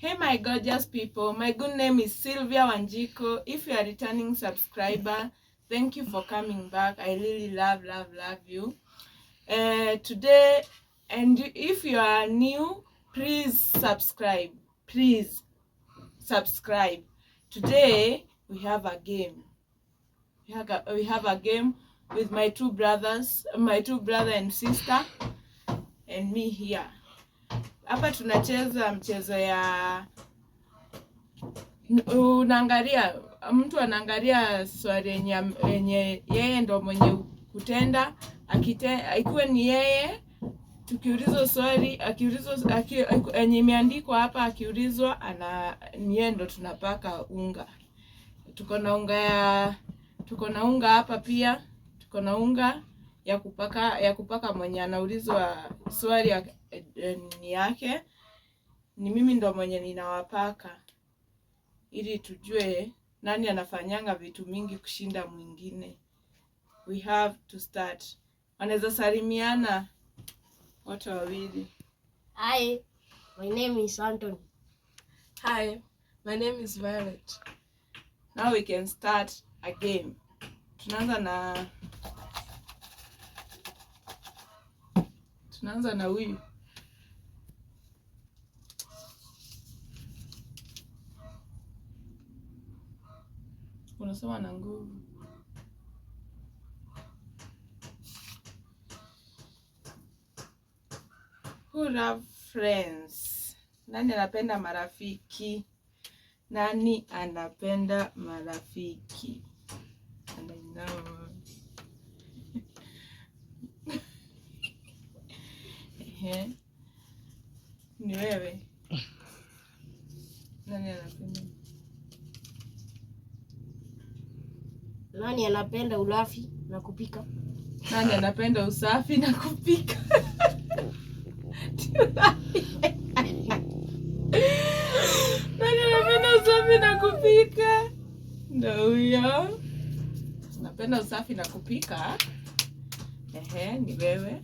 Hey my gorgeous people, my good name is Sylvia Wanjiko. If you are a returning subscriber, thank you for coming back. I really love, love, love you. Uh, today, and if you are new, please subscribe. Please subscribe. Today, we have a game. We have a, we have a game with my two brothers, my two brother and sister, and me here. hapa tunacheza mchezo ya unaangalia, mtu anaangalia swali yenye yeye ndo mwenye kutenda akite, ikiwa ni yeye tukiulizwa swali akiulizwa aki, yenye imeandikwa hapa akiulizwa ana ni ndo tunapaka unga. Tuko na unga ya tuko na unga hapa pia tuko na unga ya kupaka ya kupaka mwenye anaulizwa swali ya, nini eh, yake ni mimi ndo mwenye ninawapaka ili tujue nani anafanyanga vitu mingi kushinda mwingine. We have to start. Wanaweza salimiana wote wawili. Hi, my name is Anton. Hi, my name is Violet. Now we can start a game. Tunaanza na Tunaanza na huyu. Unasoma na nguvu. Kura friends. Nani anapenda marafiki? Nani anapenda marafiki? Ni wewe. Nani anapenda? Nani anapenda ulafi na kupika? Nani anapenda usafi na kupika? Nani anapenda usafi na kupika? Ndio huyo. Napenda usafi na kupika. Ehe, ni wewe.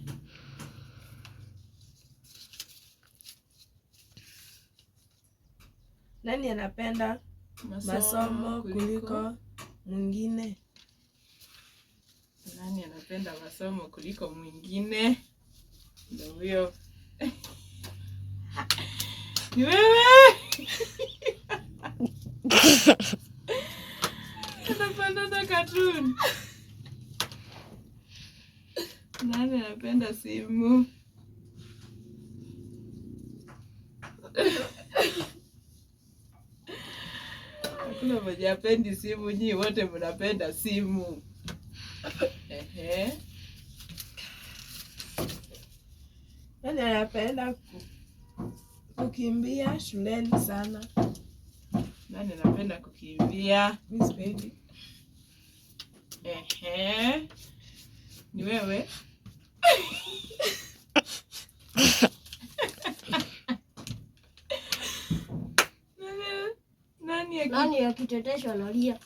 Nani anapenda masomo, masomo kuliko mwingine? Nani anapenda masomo kuliko mwingine? Ndio huyo. Ni wewe. na cartoon. Nani anapenda simu? Hakuna mwenye apendi simu, nyii wote mnapenda simu. Ehe. Yaani anapenda kukimbia shuleni sana. Nani anapenda kukimbia? Mimi sipendi. Ehe. Ni wewe? Nani akitetesha analia.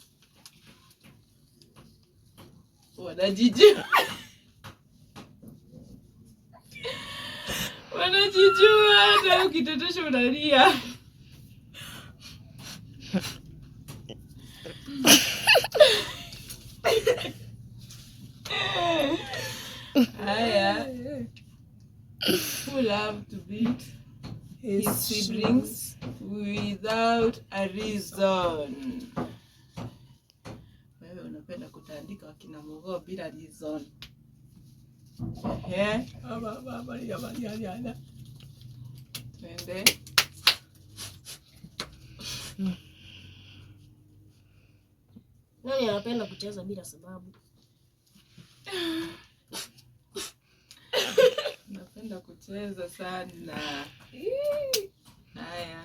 Wanajiji. Wanajijua hata ukitetesha unalia. Haya. Pull up to beat his siblings without a reason. Wewe unapenda kutandika wakina Mugo bila reason. Ehe. Twende. Nani anapenda kucheza bila sababu? napenda kucheza sana. Haya.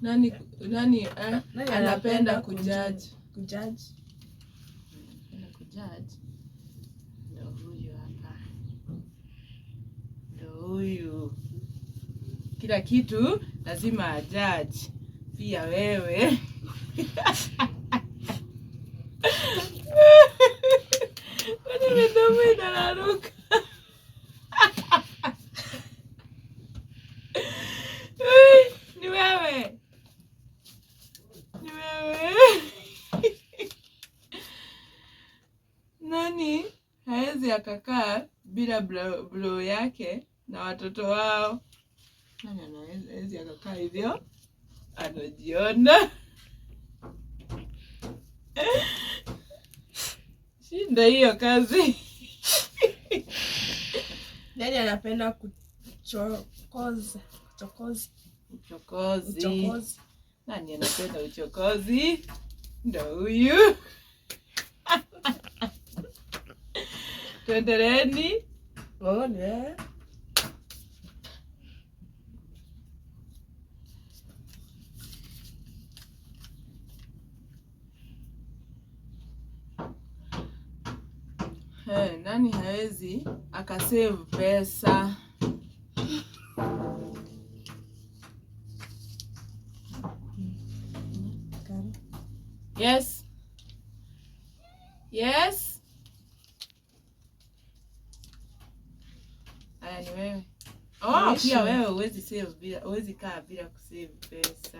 Nani nani eh, nani anapenda kujaji? Kujaji. Anapenda kujaji. ndo huyu hapa. huyu. Kila kitu lazima ajaji. Pia wewe. anaruka ni wewe, ni wewe nani hawezi akakaa bila blow, blow yake na watoto wao. Nani anawezi akakaa hivyo, anajiona shinda hiyo kazi. Nani anapenda kuchokoza? Uchokozi. Uchokozi. Uchokozi. Nani anapenda uchokozi? Ndo huyu. Tuendeleni. Mbona? Hey, nani hawezi akasave pesa? Yes, yes. Aya, ni wewe. Oh, pia wewe huwezi save bila, huwezi kaa bila kusave pesa.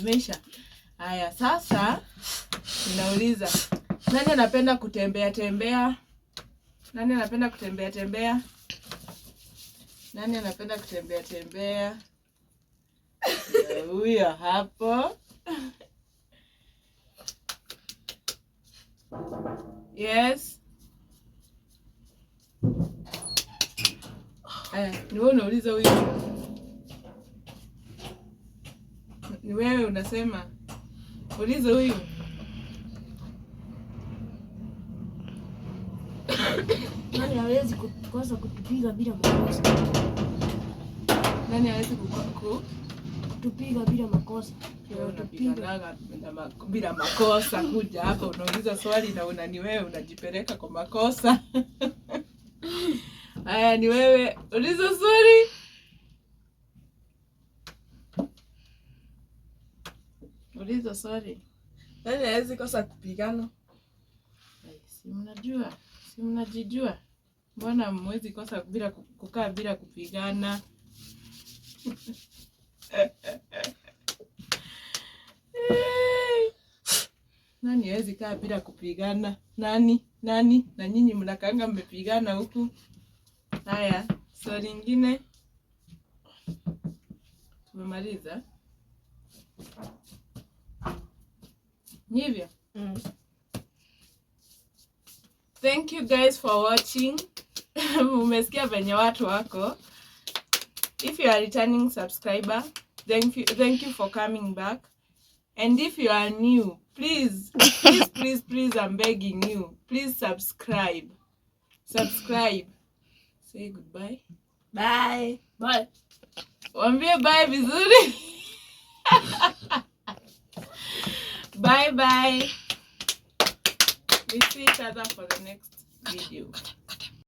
Umesha. Haya, sasa tunauliza nani anapenda kutembea tembea? Nani anapenda kutembea tembea? Nani anapenda kutembea tembea? Huyo hapo. Yes. Eh, ni wewe unauliza huyo. Ni wewe unasema. Uliza huyo hawezi kukosa kutupiga bila makosa. Nani hawezi kutupiga bila makosa? bila makosa, kuja hapa unauliza swali na unani wewe unajipeleka kwa makosa. Haya, ni wewe uliza swali. Uliza swali. Nani hawezi kosa kupigana? Si mnajua, si mnajijua. Mbona mwezi kosa bila kukaa bila kupigana? Nani hawezi kaa bila kupigana? Nani nani? Na nyinyi mnakaanga mmepigana huku. Haya, swali ingine tumemaliza hivyo. Mm. Thank you guys for watching. Umesikia venye watu wako. If you are returning subscriber, thank you, thank you for coming back. And if you are new, please, please, please, please, I'm begging you. Please subscribe. Subscribe. Say goodbye. Bye. Bye. Wambie bye vizuri. Bye bye. we see each other for the next video.